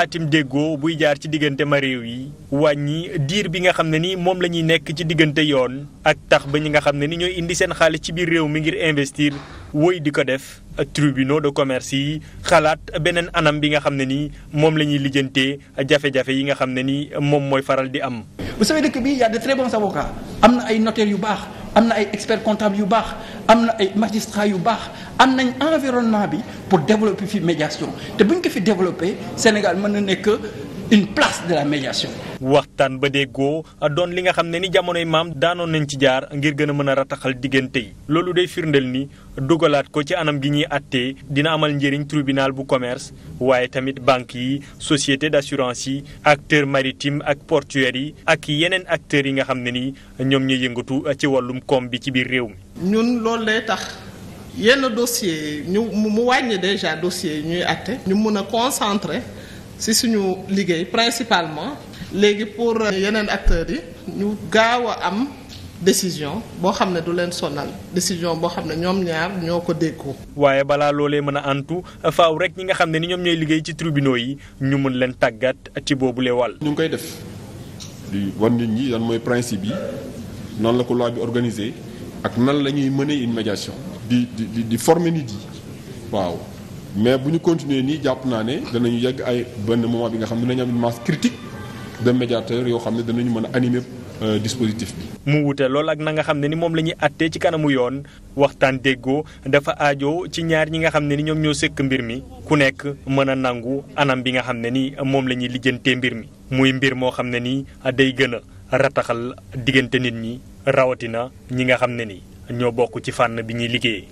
xaatim déggoo buy jaar ci diggante ma réew yi wàññi diir bi nga xam ne nii moom la ñuy nekk ci diggante yoon ak tax ba ñi nga xam ne ni ñooy indi seen xaalis ci biir réew mi ngir investir woy di ko def tribunaux de commerce yi xalaat beneen anam bi nga xam ne nii moom la ñuy lijjantee jafe-jafe yi nga xam ne nii moom mooy faral di am. vous savez dëkk bi y a de très am na ay notaires yu baax am na ay experts comptables yu baax am na ay magistrats yu baax bi. pour développer fi médiation te bu ko fi développer Sénégal mën na nekk une place de la médiation. waxtaan ba déggoo doon li nga xam ne ni jamonoy maam daanoon nañ ci jaar ngir gën a mën a rataxal diggante yi loolu day firndeel ni dugalaat ko ci anam gi ñuy àttee dina amal njëriñ tribunal bu commerce waaye tamit banque yi société d'assurance yi acteurs maritimes ak portuaires yi ak yeneen acteurs yi nga xam ne ni ñoom ñu yëngatu ci wàllum koom bi ci biir réew mi. yenn dossiers ñu mu wàññi déjà dossiers yi ñuy àtte ñu mën a concentrer si suñu liggéey principalement léegi pour euh, yeneen acteur yi ñu gaaw a am décision boo xam ne du leen sonal décision boo xam ne ñoom ñaar ñoo ko déggoo. waaye balaa loolee mën a antu faaw rek ñi nga xam ne ni ñoom ñooy liggéey ci tribunaux yi ñu mën leen tàggat ci boobule wàll. ñu ngi koy def di wan nit ñi yoon mooy principe yi noonu la ko loi bi organisé ak nan la ñuy mënee une médiation. di di di former nit yi waaw mais bu ñu continuer nii jàpp naa ne dana ñu yegg ay bënn moment bi nga xam ne dinañ am une masse critique de médiateurs yoo xam ne danañu mën a animer euh, dispositif bi. mu wute lool ak na nga xam ne ni moom la ñuy àttee ci kanamu yoon waxtaan déggoo dafa aajo ci ñaar ñi nga xam ne ni ñoom ñoo sëkk mbir mi ku nekk mën a nangu anam bi nga xam ne nii moom la ñuy lijjantee mbir mi muy mbir moo xam ne nii day gën a rataxal diggante nit ñi rawatina ñi nga xam ne ni. ñoo bokk ci fànn bi ñuy liggéey